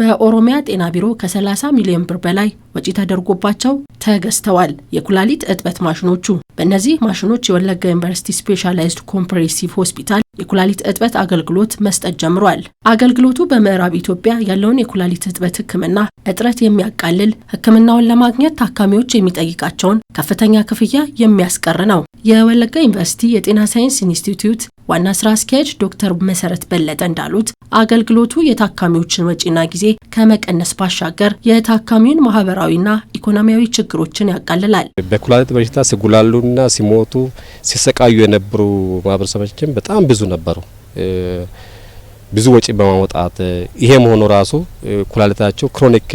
በኦሮሚያ ጤና ቢሮ ከ30 ሚሊዮን ብር በላይ ወጪ ተደርጎባቸው ተገዝተዋል የኩላሊት እጥበት ማሽኖቹ። በእነዚህ ማሽኖች የወለጋ ዩኒቨርሲቲ ስፔሻላይዝድ ኮምፕሬሲቭ ሆስፒታል የኩላሊት እጥበት አገልግሎት መስጠት ጀምሯል። አገልግሎቱ በምዕራብ ኢትዮጵያ ያለውን የኩላሊት እጥበት ሕክምና እጥረት የሚያቃልል፣ ሕክምናውን ለማግኘት ታካሚዎች የሚጠይቃቸውን ከፍተኛ ክፍያ የሚያስቀር ነው። የወለጋ ዩኒቨርሲቲ የጤና ሳይንስ ኢንስቲትዩት ዋና ስራ አስኪያጅ ዶክተር መሰረት በለጠ እንዳሉት አገልግሎቱ የታካሚዎችን ወጪና ጊዜ ከመቀነስ ባሻገር የታካሚውን ማህበራዊና ኢኮኖሚያዊ ችግሮችን ያቃልላል። በኩላሊት በሽታ ሲጉላሉና ሲሞቱ ሲሰቃዩ የነበሩ ማህበረሰቦችን በጣም ብዙ ነበሩ። ብዙ ወጪ በማውጣት ይሄ መሆኑ ራሱ ኩላሊታቸው ክሮኒክ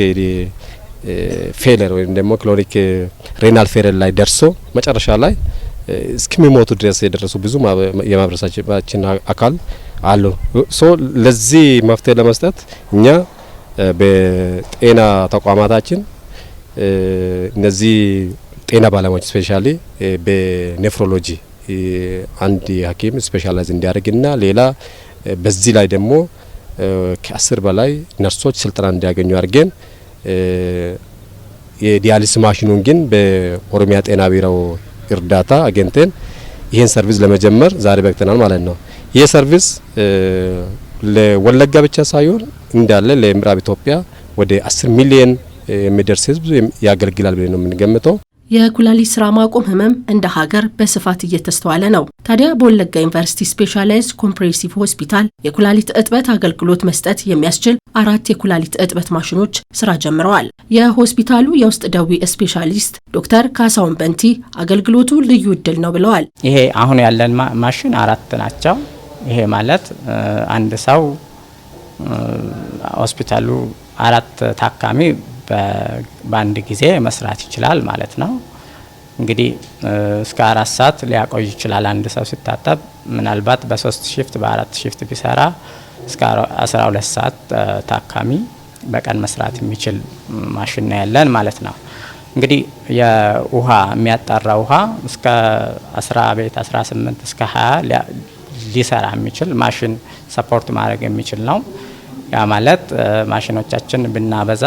ፌለር ወይም ደግሞ ክሮኒክ ሬናል ፌለር ላይ ደርሶ መጨረሻ ላይ እስከሚሞቱ ድረስ የደረሱ ብዙ የማህበረሰባችን አካል አሉ። ሶ ለዚህ መፍትሄ ለመስጠት እኛ በጤና ተቋማታችን እነዚህ ጤና ባለሙያዎች ስፔሻሊ በኔፍሮሎጂ አንድ ሐኪም ስፔሻላይዝ እንዲያደርግና ሌላ በዚህ ላይ ደግሞ ከአስር በላይ ነርሶች ስልጠና እንዲያገኙ አድርገን የዲያሊስ ማሽኑን ግን በኦሮሚያ ጤና ቢሮው እርዳታ አግኝተን ይህን ሰርቪስ ለመጀመር ዛሬ በቅተናል ማለት ነው። ይህ ሰርቪስ ለወለጋ ብቻ ሳይሆን እንዳለ ለምዕራብ ኢትዮጵያ ወደ አስር ሚሊየን የሚደርስ ህዝብ ያገልግላል ብለን ነው የምንገምተው። የኩላሊት ስራ ማቆም ህመም እንደ ሀገር በስፋት እየተስተዋለ ነው። ታዲያ በወለጋ ዩኒቨርሲቲ ስፔሻላይዝድ ኮምፕሬሲቭ ሆስፒታል የኩላሊት እጥበት አገልግሎት መስጠት የሚያስችል አራት የኩላሊት እጥበት ማሽኖች ስራ ጀምረዋል። የሆስፒታሉ የውስጥ ደዌ ስፔሻሊስት ዶክተር ካሳውን በንቲ አገልግሎቱ ልዩ እድል ነው ብለዋል። ይሄ አሁን ያለን ማሽን አራት ናቸው። ይሄ ማለት አንድ ሰው ሆስፒታሉ አራት ታካሚ በአንድ ጊዜ መስራት ይችላል ማለት ነው። እንግዲህ እስከ አራት ሰዓት ሊያቆይ ይችላል። አንድ ሰው ሲታጠብ ምናልባት በሶስት ሽፍት በአራት ሽፍት ቢሰራ እስከ አስራ ሁለት ሰዓት ታካሚ በቀን መስራት የሚችል ማሽን ነው ያለን ማለት ነው። እንግዲህ የውሃ የሚያጣራ ውሃ እስከ አስራ ቤት አስራ ስምንት እስከ ሀያ ሊሰራ የሚችል ማሽን ሰፖርት ማድረግ የሚችል ነው። ያ ማለት ማሽኖቻችን ብናበዛ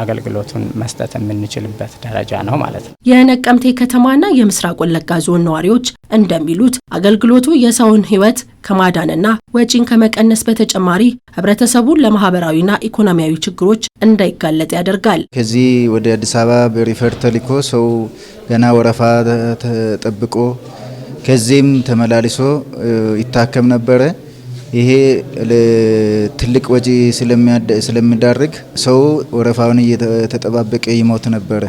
አገልግሎቱን መስጠት የምንችልበት ደረጃ ነው ማለት ነው። የነቀምቴ ከተማና የምስራቅ ወለጋ ዞን ነዋሪዎች እንደሚሉት አገልግሎቱ የሰውን ሕይወት ከማዳንና ወጪን ከመቀነስ በተጨማሪ ህብረተሰቡን ለማህበራዊና ኢኮኖሚያዊ ችግሮች እንዳይጋለጥ ያደርጋል። ከዚህ ወደ አዲስ አበባ በሪፈር ተልኮ ሰው ገና ወረፋ ተጠብቆ ከዚህም ተመላልሶ ይታከም ነበረ። ይሄ ትልቅ ወጪ ስለሚዳርግ ሰው ወረፋውን እየተጠባበቀ ይሞት ነበረ።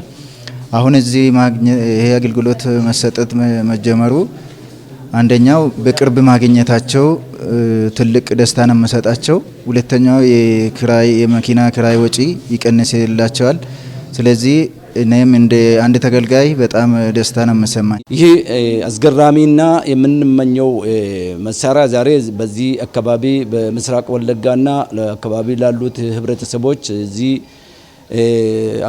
አሁን እዚህ ይሄ አገልግሎት መሰጠት መጀመሩ አንደኛው በቅርብ ማግኘታቸው ትልቅ ደስታን መሰጣቸው፣ ሁለተኛው የክራይ የመኪና ክራይ ወጪ ይቀንስላቸዋል። ስለዚህ እኔም እንደ አንድ ተገልጋይ በጣም ደስታ ነው የምሰማኝ። ይህ አስገራሚና የምንመኘው መሳሪያ ዛሬ በዚህ አካባቢ በምስራቅ ወለጋና አካባቢ ላሉት ህብረተሰቦች እዚህ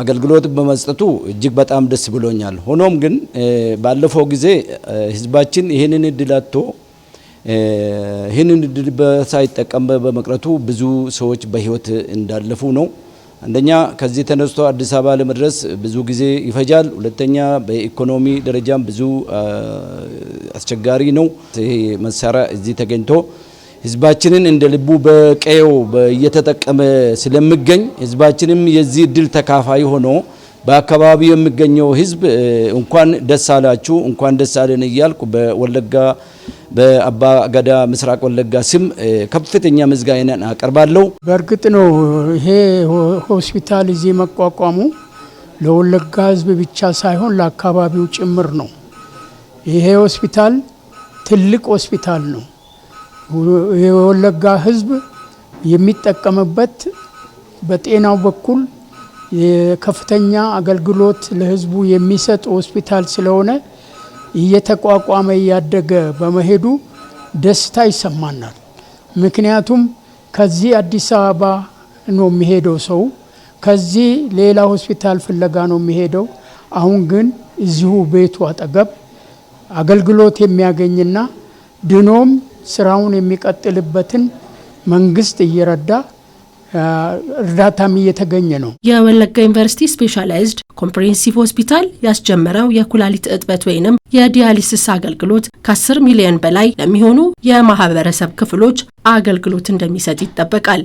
አገልግሎት በመስጠቱ እጅግ በጣም ደስ ብሎኛል። ሆኖም ግን ባለፈው ጊዜ ህዝባችን ይህንን እድል አጥቶ ይህንን እድል ሳይጠቀም በመቅረቱ ብዙ ሰዎች በህይወት እንዳለፉ ነው። አንደኛ ከዚህ ተነስቶ አዲስ አበባ ለመድረስ ብዙ ጊዜ ይፈጃል። ሁለተኛ በኢኮኖሚ ደረጃም ብዙ አስቸጋሪ ነው። ይሄ መሳሪያ እዚህ ተገኝቶ ህዝባችንን እንደ ልቡ በቀየው እየተጠቀመ ስለሚገኝ ህዝባችንም የዚህ እድል ተካፋይ ሆኖ በአካባቢው የሚገኘው ህዝብ እንኳን ደስ አላችሁ እንኳን ደስ አለን እያልኩ በወለጋ በአባ ገዳ ምስራቅ ወለጋ ስም ከፍተኛ ምስጋናን አቀርባለሁ። በእርግጥ ነው ይሄ ሆስፒታል እዚህ መቋቋሙ ለወለጋ ሕዝብ ብቻ ሳይሆን ለአካባቢው ጭምር ነው። ይሄ ሆስፒታል ትልቅ ሆስፒታል ነው። የወለጋ ሕዝብ የሚጠቀምበት በጤናው በኩል ከፍተኛ አገልግሎት ለሕዝቡ የሚሰጥ ሆስፒታል ስለሆነ እየተቋቋመ እያደገ በመሄዱ ደስታ ይሰማናል። ምክንያቱም ከዚህ አዲስ አበባ ነው የሚሄደው ሰው ከዚህ ሌላ ሆስፒታል ፍለጋ ነው የሚሄደው። አሁን ግን እዚሁ ቤቱ አጠገብ አገልግሎት የሚያገኝና ድኖም ስራውን የሚቀጥልበትን መንግስት እየረዳ እርዳታም እየተገኘ ነው። የወለጋ ዩኒቨርሲቲ ስፔሻላይዝድ ኮምፕሬሄንሲቭ ሆስፒታል ያስጀመረው የኩላሊት እጥበት ወይንም የዲያሊሲስ አገልግሎት ከ10 ሚሊዮን በላይ ለሚሆኑ የማህበረሰብ ክፍሎች አገልግሎት እንደሚሰጥ ይጠበቃል።